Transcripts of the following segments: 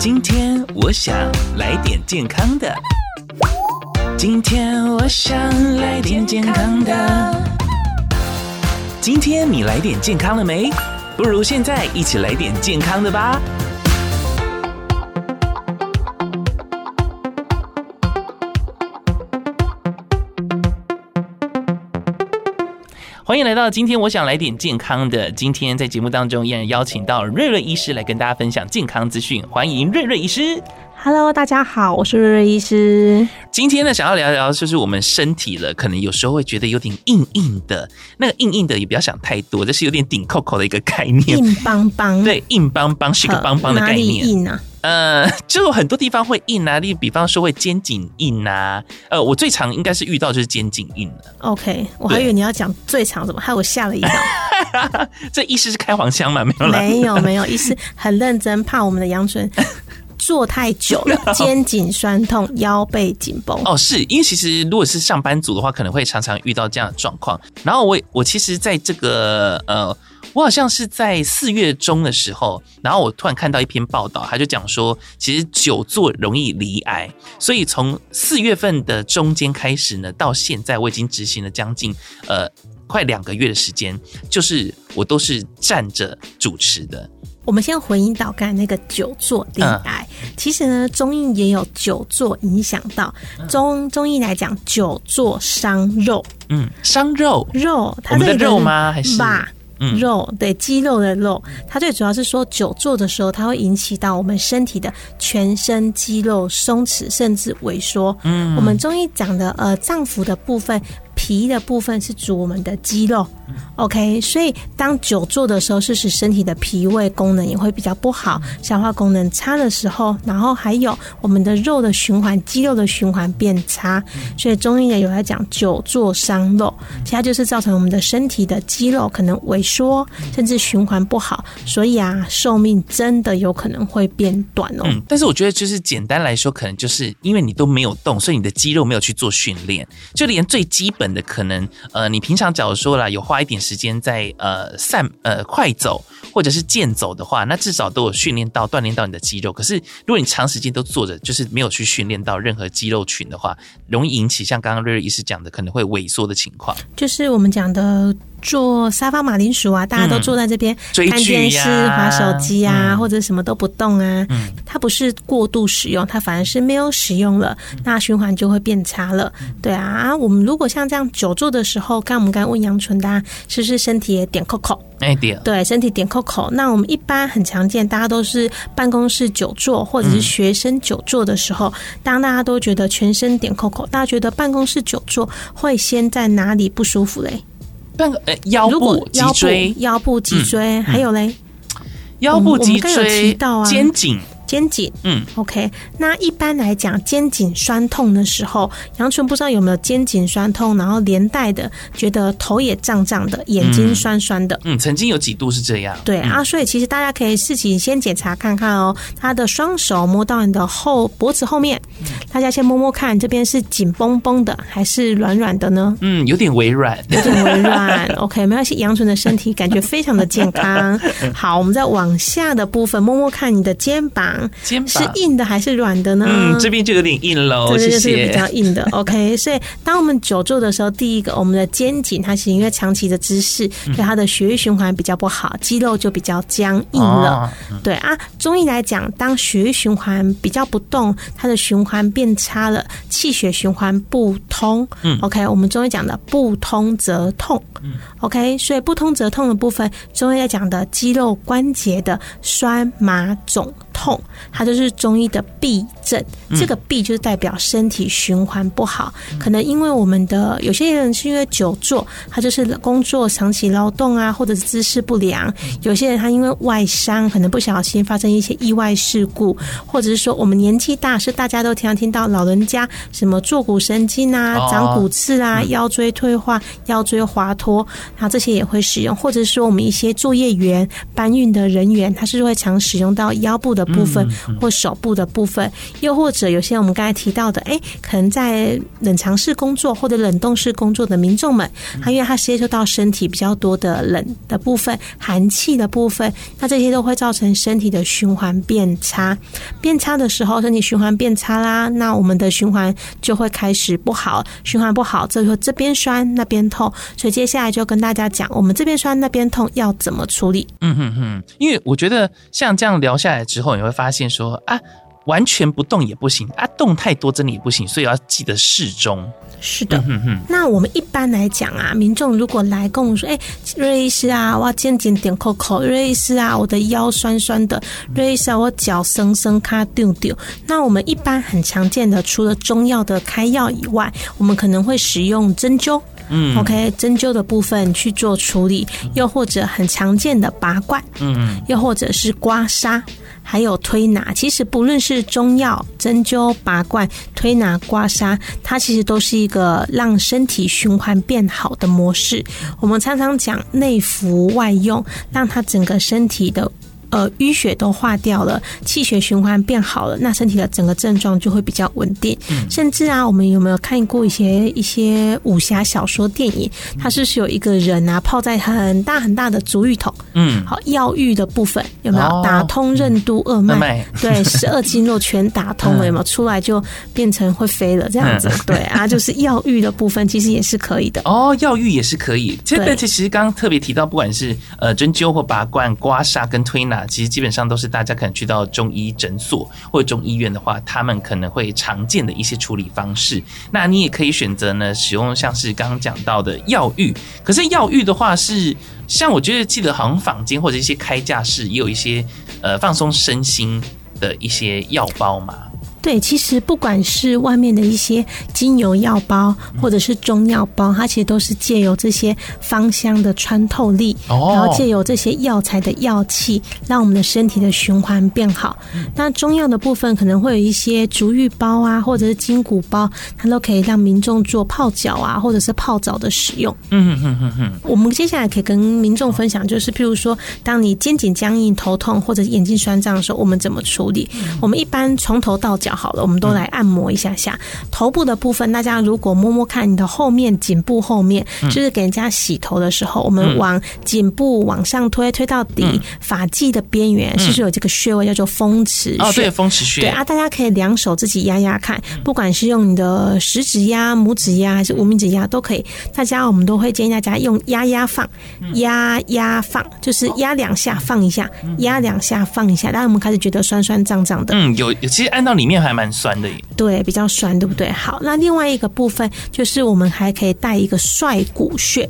今天我想來點健康的。今天我想來點健康的。今天你來點健康了沒？不如現在一起來點健康的吧。歡迎來到今天，我想來點健康的。今天在節目當中，依然邀請到瑞瑞醫師來跟大家分享健康資訊。歡迎瑞瑞醫師。Hello，大家好，我是瑞瑞醫師。今天呢，想要聊聊就是我們身體了，可能有時候會覺得有點硬硬的，那個硬硬的也不要想太多，這是有點硬叩叩的一個概念，硬邦邦，對，硬邦邦是一個邦邦的概念。哪裡硬呢？呃，就很多地方會硬啊，例如比方說會肩頸硬啊。呃，我最常應該是遇到就是肩頸硬的。OK，我還以為你要講最常怎麼，害我嚇了一跳。 這醫師是開黃腔嗎？沒有，沒有，沒有，醫師很認真，怕我們的陽春。坐太久了，肩頸痠痛， 腰背緊繃。哦，是因為其實如果是上班族的話，可能會常常遇到這樣的狀況。然後我我其實在這個呃，我好像是在四月中的時候，然後我突然看到一篇報道，他就講說，其實久坐容易罹癌。所以從四月份的中間開始呢，到現在我已經執行了將近呃快兩個月的時間，就是我都是站着主持的。我們先回應到剛才那個久坐戀愛，其實呢，中醫也有久坐影響到。中中醫來講，久坐傷肉，嗯，傷肉，肉，它就是、我們的肉嗎？還是把，肉，對，肌肉的肉。它最主要是說，久坐的時候，它會引起到我們身體的全身肌肉鬆弛，甚至萎縮。嗯，我們中醫講的呃臟腑的部分。脾的部分是主我們的肌肉，OK，所以當久坐的時候，是使身體的脾胃功能也會比較不好，消化功能差的時候，然後還有我們的肉的循環，肌肉的循環變差，所以中醫也有在講久坐傷肉，其他就是造成我們的身體的肌肉可能萎縮，甚至循環不好，所以啊，壽命真的有可能會變短哦。嗯，但是我覺得就是簡單來說，可能就是因為你都沒有動，所以你的肌肉沒有去做訓練，就連最基本的。可能呃，你平常假如說啦，有花一點時間在呃散呃快走或者是健走的話，那至少都有訓練到鍛鍊到你的肌肉。可是如果你長時間都坐着，就是沒有去訓練到任何肌肉群的話，容易引起像剛剛瑞瑞醫師講的，可能會萎縮的情況，就是我們講的。坐沙發、馬鈴薯啊，大家都坐在這邊看、嗯啊、電視、啊、滑手機啊，或者什麼都不動啊、嗯。它不是過度使用，它反而是沒有使用了，那循環就會變差了。嗯、對啊，我們如果像這樣久坐的時候，剛我們剛問楊純、啊，大家是不是身體也硬叩叩？哎對，對，身體硬叩叩。那我們一般很常見，大家都是辦公室久坐或者是學生久坐的時候，嗯、當大家都覺得全身硬叩叩，大家覺得辦公室久坐會先在哪裡不舒服嘞？半個呃、欸、腰部脊椎,腰部腰部脊椎、嗯嗯嗯，腰部脊椎，還、嗯、有嘞，腰部脊椎，肩頸，肩頸，嗯，OK。那一般來講，肩頸酸痛的時候，楊春不知道有沒有肩頸酸痛，然後連帶的覺得頭也脹脹的，眼睛酸酸的嗯。嗯，曾經有幾度是這樣。對、嗯、啊，所以其實大家可以自己先檢查看看哦，他的雙手摸到你的後脖子後面。嗯大家先摸摸看，這邊是緊繃繃的還是軟軟的呢？嗯，有點微軟，有點微軟。OK，沒關係。陽春的身體感覺非常的健康。好，我們再往下的部分摸摸看，你的肩膀，肩膀是硬的還是軟的呢？嗯，這邊就有點硬嘍、哦，對對對，是、這個，比較硬的。OK，所以當我們久坐的時候，第一個我們的肩頸，它是因為長期的姿勢，所以它的血液循環比較不好，肌肉就比較僵硬了。哦、對啊，中醫來講，當血液循環比較不動，它的循環變差了，氣血循環不通。嗯，OK，我們中醫講的不通則痛。嗯，OK，所以不通則痛的部分，中醫要講的肌肉關節的痠麻、麻、腫、痛，它就是中醫的痹症這個痹就是代表身體循環不好，可能因為我們的有些人是因為久坐，他就是工作長期勞動啊，或者是姿勢不良。有些人他因為外傷，可能不小心發生一些意外事故，或者是說我們年紀大，是大家都經常，常聽到老人家什麼坐骨神經啊、長骨刺啊、腰椎退化、腰椎滑脫，然後這些也會使用，或者是說我們一些作業員搬運的人員，他是會常使用到腰部的。部、嗯、分、嗯嗯、或手部的部分，又或者有些我們剛才提到的，哎，可能在冷藏室工作或者冷凍室工作的民眾們，他因為他接收到身體比較多的冷的部分、寒氣的部分，那這些都會造成身體的循環變差。變差的時候，身體循環變差啦，那我們的循環就會開始不好，循環不好，這就是說這邊酸那邊痛。所以接下來就跟大家講，我們這邊酸那邊痛要怎麼處理？嗯嗯嗯，因為我覺得像這樣聊下來之後。你會發現說啊，完全不動也不行啊，動太多真的也不行，所以要記得適中。是的、嗯哼哼，那我們一般來講啊，民眾如果來跟我們說，哎、欸，瑞醫師啊，我要肩頸點叩叩，瑞醫師啊，我的腰酸酸的，瑞醫師啊，我腳生生卡丟丟，那我們一般很常見的，除了中藥的開藥以外，我們可能會使用針灸。嗯，OK，針灸的部分去做處理，又或者很常見的拔罐，嗯，又或者是刮痧，還有推拿。其實不論是中藥、針灸、拔罐、推拿、刮痧，它其實都是一個讓身體循環變好的模式。我們常常講內服外用，讓它整個身體的。呃，淤血都化掉了，氣血循環變好了，那身體的整個症狀就會比較穩定。嗯，甚至啊，我們有沒有看過一些一些武俠小說電影？它是是有一個人啊，泡在很大很大的足浴桶。嗯，好，藥浴的部分有沒有、哦、打通任督二脈、哦、嗯？對，十二經絡全打通了、嗯、有沒有？出來就變成會飛了、嗯、這樣子。對啊，就是藥浴的部分其實也是可以的。哦，藥浴也是可以。這個其實剛剛特別提到，不管是呃針灸或拔罐、刮痧跟推拿。其實基本上都是大家可能去到中醫診所或者中醫院的話，他們可能會常見的一些處理方式。那你也可以選擇呢，使用像是剛剛講到的藥浴。可是藥浴的話是，是像我覺得記得好像坊間或者一些開架式也有一些呃放鬆身心的一些藥包嘛。對，其實不管是外面的一些精油藥包，或者是中藥包，它其實都是借由這些芳香的穿透力，然後借由這些藥材的藥氣，讓我們的身體的循環變好。那中藥的部分可能會有一些足浴包啊，或者是筋骨包，它都可以讓民眾做泡腳啊，或者是泡澡的使用。嗯哼哼哼哼。我們接下來可以跟民眾分享，就是譬如說，當你肩頸僵硬、頭痛或者眼睛酸脹的時候，我們怎麼處理？我們一般從頭到腳。好了，我們都來按摩一下下頭部的部分。大家如果摸摸看，你的後面頸部後面，就是給人家洗頭的時候，我們往頸部往上推，推到底髮際、嗯、的邊緣，是、嗯、不是有這個穴位叫做風池穴？哦，對，風池穴。對啊，大家可以兩手自己壓壓看、嗯，不管是用你的食指壓、拇指壓還是無名指壓都可以。大家我們都會建議大家用壓壓放，壓壓放，就是壓兩下放一下，壓、哦、兩下放一下。然後我們開始覺得酸酸脹脹的。嗯，有，其實按到裡面。還蠻酸的耶，對，比較酸，對不對？好，那另外一個部分就是我們還可以帶一個率谷穴，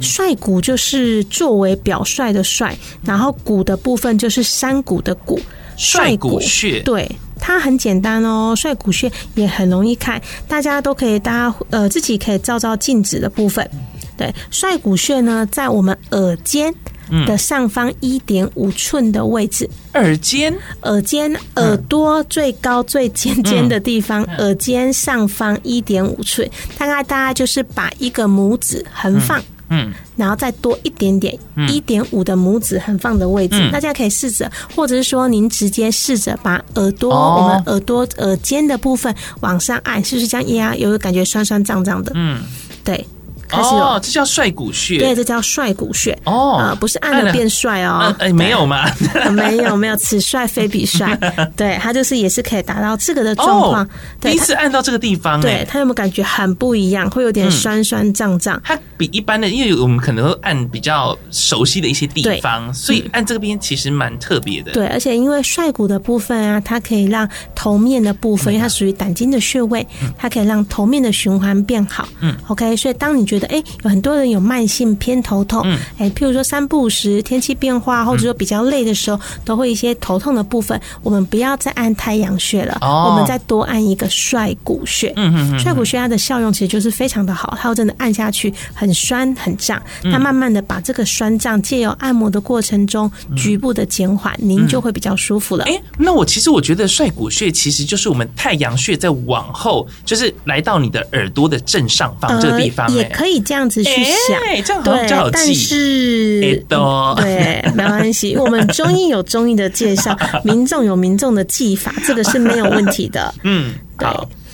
率谷就是作為表率的率，然後谷的部分就是山谷的谷，率谷，率谷穴，對，它很簡單哦，率谷穴也很容易看，大家都可以，大家呃自己可以照照鏡子的部分，對，率谷穴呢，在我們耳尖的上方一點五寸的位置，耳尖，耳尖，耳朵最高最尖尖的地方，嗯、耳尖上方一點五寸，大概大概就是把一個拇指橫放，嗯，嗯然後再多一點點，一點五的拇指橫放的位置，嗯，大家可以試着，或者是說您直接試着把耳朵，我、哦、們耳朵耳尖的部分往上按，是不是這樣壓有個感覺酸酸脹脹的？嗯，對。哦，這叫帥骨穴。對，這叫帥骨穴。哦，呃、不是按了，按了變帥哦。哎、呃呃呃，沒有嗎、 呃，沒有沒有，此帥非彼帥。對，它就是也是可以達到這個的狀況，哦。第一次按到這個地方，對他有沒有感覺很不一樣？會有點酸酸脹脹，嗯。它比一般的，因為我們可能會按比較熟悉的一些地方，所以按這邊其實蠻特別的，嗯。對，而且因為帥骨的部分啊，它可以讓頭面的部分，嗯啊、因為它屬於膽經的穴位，它可以讓頭面的循環變好。嗯，嗯，OK，所以當你覺得哎、欸，有很多人有慢性偏頭痛，哎、嗯欸，譬如說三不五時天氣變化，或者說比較累的時候、嗯，都會一些頭痛的部分。我們不要再按太陽穴了，、哦，我們再多按一個率谷穴。嗯哼哼哼，率谷穴它的效用其實就是非常的好，它會真的按下去很酸很脹，它慢慢的把這個酸脹借由按摩的過程中局部的減緩、嗯，您就會比較舒服了。哎、欸，那我其實我覺得率谷穴其實就是我們太陽穴再往後，就是來到你的耳朵的正上方這個地方、欸呃，也可以。可以這樣子去想，欸、對，但是，欸、對，沒關係。 我們中醫有中醫的介紹， 民眾有民眾的技法，這個是沒有問題的。嗯，對。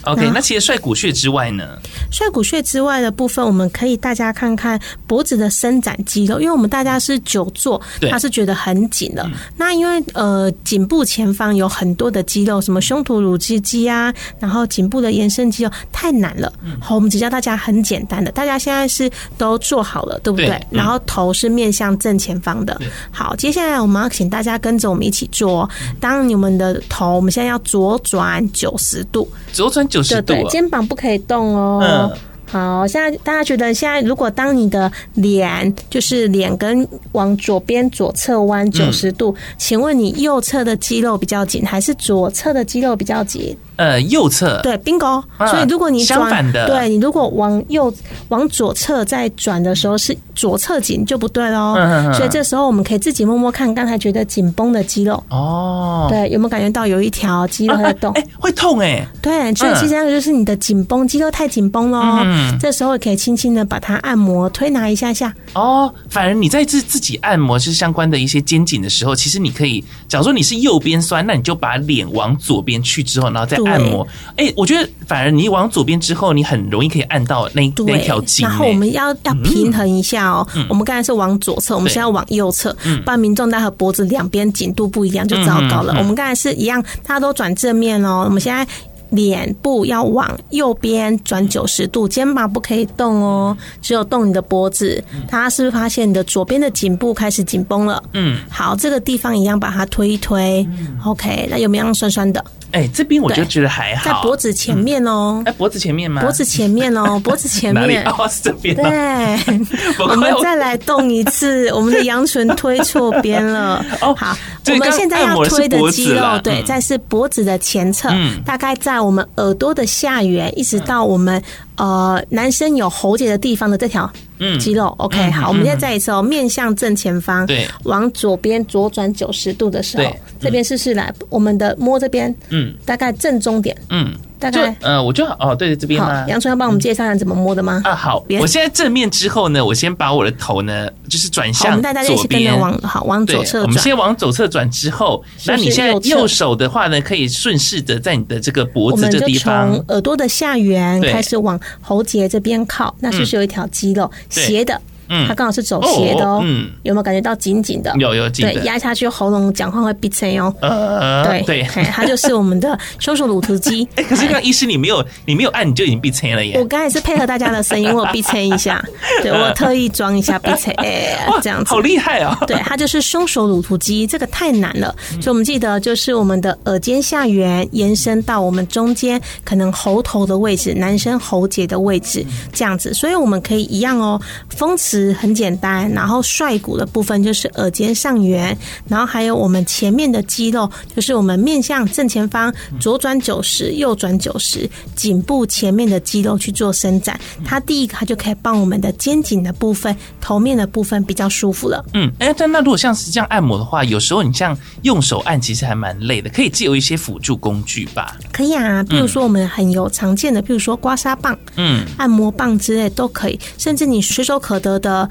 OK，那其實率骨穴之外呢？率骨穴之外的部分，我們可以大家看看脖子的伸展肌肉，因為我們大家是久坐，他是覺得很緊的。那因為呃，頸部前方有很多的肌肉，什麼胸突、乳突肌啊，然後頸部的延伸肌肉太難了。好，我們只教大家很簡單的，大家現在是都坐好了，對不對？對，然後頭是面向正前方的。好，接下來我們要請大家跟着我們一起做，哦，當你們的頭我們現在要左轉九十度，左轉。對對，肩膀不可以動哦。嗯好，現在大家覺得現在，如果當你的臉就是臉跟往左邊左側彎九十度，嗯，請問你右側的肌肉比較緊，還是左側的肌肉比較緊？呃，右側。對，Bingo，啊。所以如果你相反的，對，你如果往右往左側再轉的時候是左側緊就不對咯，嗯嗯嗯。所以這時候我們可以自己摸摸看，看，剛才覺得緊繃的肌肉。哦。對，有沒有感覺到有一條肌肉在動？哎，啊欸欸，會痛哎，欸。對，所以其實那個就是你的緊繃、嗯、肌肉太緊繃咯嗯，這時候也可以輕輕的把它按摩、推拿一下下。哦，反而你在自自己按摩就是相關的一些肩頸的時候，其實你可以，假如你是右邊酸，那你就把臉往左邊去之後，然後再按摩。哎，我覺得反而你往左邊之後，你很容易可以按到那那條筋。欸。然後我們要要平衡一下哦、嗯，我們剛才是往左側，我們現在往右側，不然民眾待會脖子兩邊緊度不一樣就糟糕了、嗯嗯嗯。我們剛才是一樣，大家都轉正面哦，我們現在。臉部要往右邊轉九十度，肩膀不可以動哦，只有動你的脖子。大家是不是發現你的左邊的頸部開始緊繃了？嗯，好，這個地方一樣把它推一推。嗯，OK，那有沒有酸酸的？哎、欸，這邊我就覺得還好，在脖子前面哦，在、嗯欸、脖子前面嗎？脖子前面哦，脖子前面 哪、啊、是這邊、啊、對，我們再來動一次， 我們的羊唇推錯邊了哦。好，我們現在要推的肌肉，對，在是脖子的前側、嗯，大概在我們耳朵的下緣，一直到我們。呃，男生有喉結的地方的這條肌肉、嗯、，OK，、嗯、好，我們現在再一次哦，面向正前方，對，往左邊左轉九十度的時候、嗯，對，這邊試試來，我們的摸這邊，嗯，大概正中點，嗯。嗯大概嗯、呃，我就好哦，對，這邊嘛。楊春要幫我們介紹一下、嗯、怎麼摸的嗎？啊，好，我現在正面之後呢，我先把我的頭呢，就是轉向左邊，往好往左側轉。我們先往左側轉之後，那、就是、你現在右手的話呢，可以順勢的在你的這個脖子這地方，就從耳朵的下緣開始往喉結這邊靠，那就是，是有一條肌肉、嗯、斜的。嗯，它剛好是走斜的哦，哦。嗯，有沒有感覺到緊緊的？有有緊。對，壓下去喉嚨講話會閉塞哦。呃呃。對對， 它就是我們的胸鎖乳突肌。可是剛剛醫師你沒有你沒有按你就已經閉塞了耶？我剛才是配合大家的聲音，我閉塞一下。 對我特意裝一下閉塞。哎、呃欸、這樣子好厲害啊、哦！對，它就是胸鎖乳突肌，這個太難了。所以我們記得就是我們的耳尖下緣延伸到我們中間、嗯、可能喉頭的位置，男生喉結的位置、嗯、這樣子。所以我們可以一樣哦，風池。很簡單，然後率谷的部分就是耳尖上緣，然後還有我們前面的肌肉，就是我們面向正前方，左轉九十，右轉九十，頸部前面的肌肉去做伸展。它第一個，它就可以幫我們的肩頸的部分、頭面的部分比較舒服了。嗯，哎、欸，但那如果像是這樣按摩的話，有時候你像用手按，其實還蠻累的，可以借由一些輔助工具吧？可以啊，比如說我們很有常見的，比如說刮痧棒、嗯，按摩棒之類都可以，甚至你隨手可得的。呃，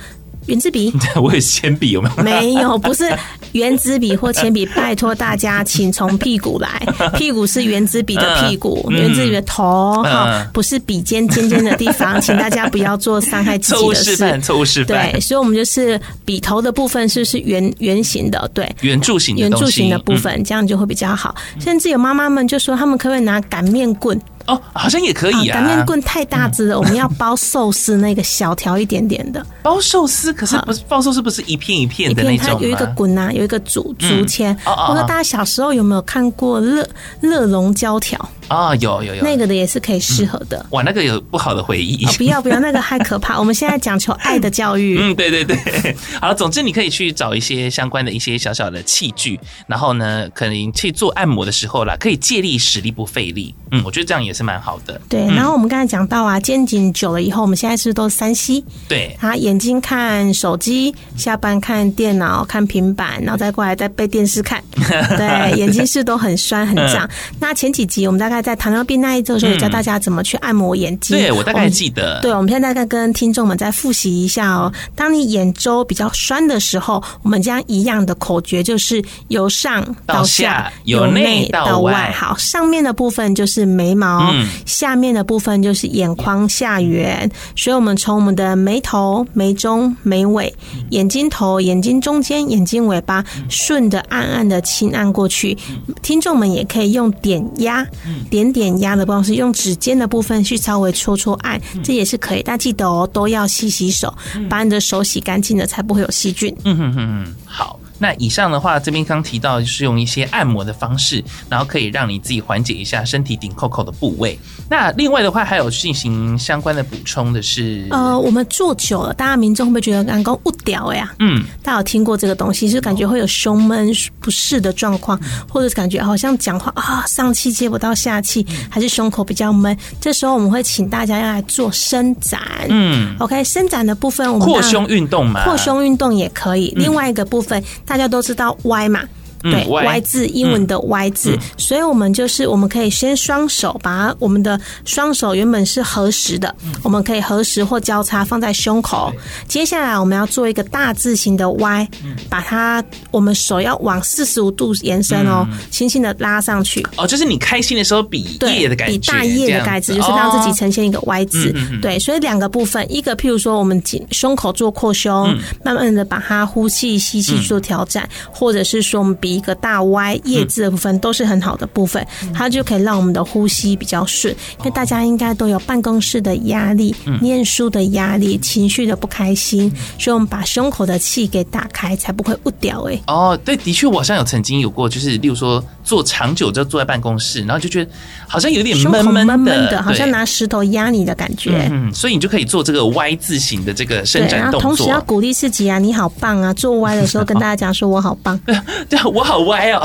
原子筆，我有鉛筆，有沒有？沒有，不是原子筆或鉛筆。 拜託大家，請從屁股來，屁股是原子筆的屁股，原子筆的頭哈、嗯哦，不是筆尖尖尖的地方。嗯、 請大家不要做傷害自己的事。錯誤示範。對，所以我們就是筆頭的部分是是圓圓形的，對，圓柱形的圓柱形的部分、嗯，這樣就會比較好。甚至有媽媽們就說，他們可不可以拿擀麵棍？哦，好像也可以啊。擀、哦、麵棍太大只了，嗯，我們要包壽司那個小條一點點的。 包壽司可是不是，哦，包壽司不是一片一片的那？一片它有一個滾吶，啊，有一個竹，嗯，竹籤。我，哦，說，哦哦，大家小時候有沒有看過熱熱熔膠條？啊、哦，有有有那個的也是可以適合的，嗯。哇，那個有不好的回憶。哦、不要不要，那個太可怕。 我們現在講求愛的教育。嗯，對對對。好了，總之你可以去找一些相關的一些小小的器具，然後呢，可能去做按摩的時候啦，可以借力使力不費力。嗯，我覺得這樣也是蠻好的。對，嗯，然後我們剛才講到啊，肩頸久了以後，我們現在是，不是都三 C。對啊，眼睛看手機，下班看電腦，看平板，然後再過來再背電視看。 對，眼睛是，是都很酸很脹，嗯。那前幾集我們大概。在糖尿病那一周的時候，我教大家怎麼去按摩眼睛。對，我大概記得。對，我們現在再跟聽眾們再複習一下哦。當你眼周比較酸的時候，我們將一樣的口訣，就是由上到下，由內到外。好，上面的部分就是眉毛，下面的部分就是眼眶下緣。所以，我們從我們的眉頭、眉中、眉尾、眼睛頭、眼睛中間、眼睛尾巴，順着暗暗的輕按過去。聽眾們也可以用點壓。點點壓的方式，用指尖的部分去稍微搓搓按，這也是可以。但記得哦，都要洗洗手，把你的手洗乾淨了，才不會有細菌。嗯哼哼哼，好。那以上的話，這邊剛提到就是用一些按摩的方式，然後可以讓你自己緩解一下身體硬叩叩的部位。那另外的話，還有進行相關的補充的是，呃，我們坐久了，大家民眾會不會覺得剛剛誤掉呀、啊？嗯，大家有聽過這個東西，是感覺會有胸悶不適的狀況、嗯，或者是感覺好像講話啊、哦、上氣接不到下氣，還是胸口比較悶？這時候我們會請大家要來做伸展，嗯，OK，伸展的部分我們擴胸運動嘛，擴胸運動也可以。另外一個部分。嗯大家都知道 why 嘛。對、嗯、Y 字，英文的 Y 字，嗯嗯，所以我們就是我們可以先雙手把我們的雙手原本是合十的，嗯，我們可以合十或交叉放在胸口。接下來我們要做一個大字型的 Y、嗯、把它我們手要往四十五度延伸哦，輕、嗯、輕的拉上去。哦，就是你開心的時候比葉的感覺，對，比大葉的蓋子，就是讓自己呈現一個 Y 字。哦、對，所以兩個部分，一個譬如說我們緊胸口做擴胸，嗯，慢慢的把它呼氣、吸氣做調整，或者是說我們比。一個大 Y，葉子的部分都是很好的部分、嗯，它就可以讓我們的呼吸比較順、嗯。因為大家應該都有辦公室的壓力、哦、念書的壓力、嗯、情緒的不開心、嗯，所以我們把胸口的氣給打開，嗯、才不會誤掉、欸。哎，哦，對，的確，我好像有曾經有過，就是例如說坐長久就坐在辦公室，然後就覺得好像有點悶悶的，悶悶的，好像拿石頭壓你的感覺。嗯，所以你就可以做這個 Y 字形的這個伸展動作，啊、同時要鼓勵自己啊，你好棒啊！做 Y 的時候跟大家講說，我好棒。 啊、對、啊。我好歪哦！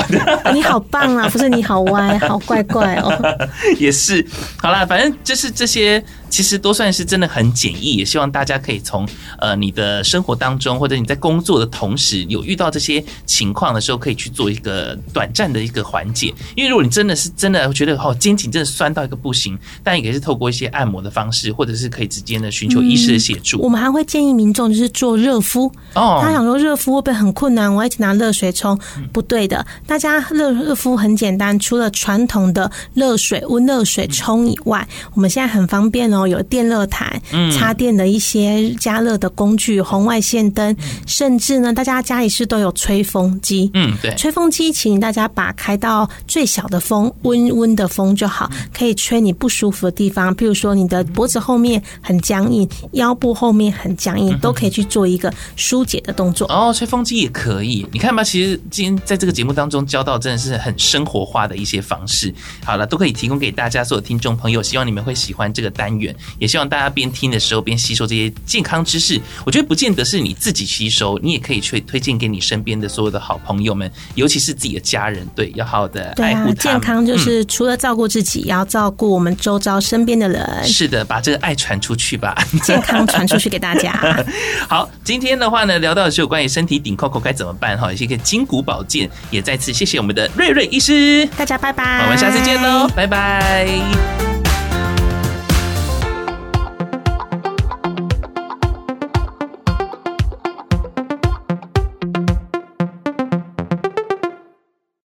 你好棒啊，不是你好歪，好怪怪哦 也是，好啦，反正就是這些。其實都算是真的很簡易，也希望大家可以從呃你的生活當中，或者你在工作的同時有遇到這些情況的時候，可以去做一個短暫的一個緩解。因為如果你真的是真的覺得哦肩頸真的痠到一個不行，但也是透過一些按摩的方式，或者是可以直接的尋求醫師的協助，嗯。我們還會建議民眾就是做熱敷哦。他想說熱敷會不會很困難？我要去拿熱水沖，嗯，不對的，大家熱熱敷很簡單，除了傳統的熱水溫熱水沖以外，我們現在很方便哦。有電熱毯、插電的一些加熱的工具、嗯、紅外線燈、嗯，甚至呢，大家家裡是都有吹風機。嗯，對，吹風機，請大家把開到最小的風，溫溫的風就好，可以吹你不舒服的地方，比如說你的脖子後面很僵硬，腰部後面很僵硬，都可以去做一個疏解的動作。哦、嗯，吹風機也可以。你看吧，其實今天在這個節目當中教到真的是很生活化的一些方式。好了，都可以提供給大家所有聽眾朋友，希望你們會喜歡這個單元。也希望大家邊聽的時候邊吸收這些健康知識，我覺得不見得是你自己吸收，你也可以去推薦給你身邊的所有的好朋友們，尤其是自己的家人。對，要好好的愛護、啊、健康，就是除了照顧自己，嗯、要照顧我們周遭身邊的人。是的，把這個愛傳出去，吧，健康傳出去給大家。 好，今天的話呢，聊到的是有關於身體硬叩叩該怎麼辦，哈、哦，也是一個筋骨保健。也再次謝謝我們的瑞瑞醫師，大家拜拜，我們下次見嘍，拜拜。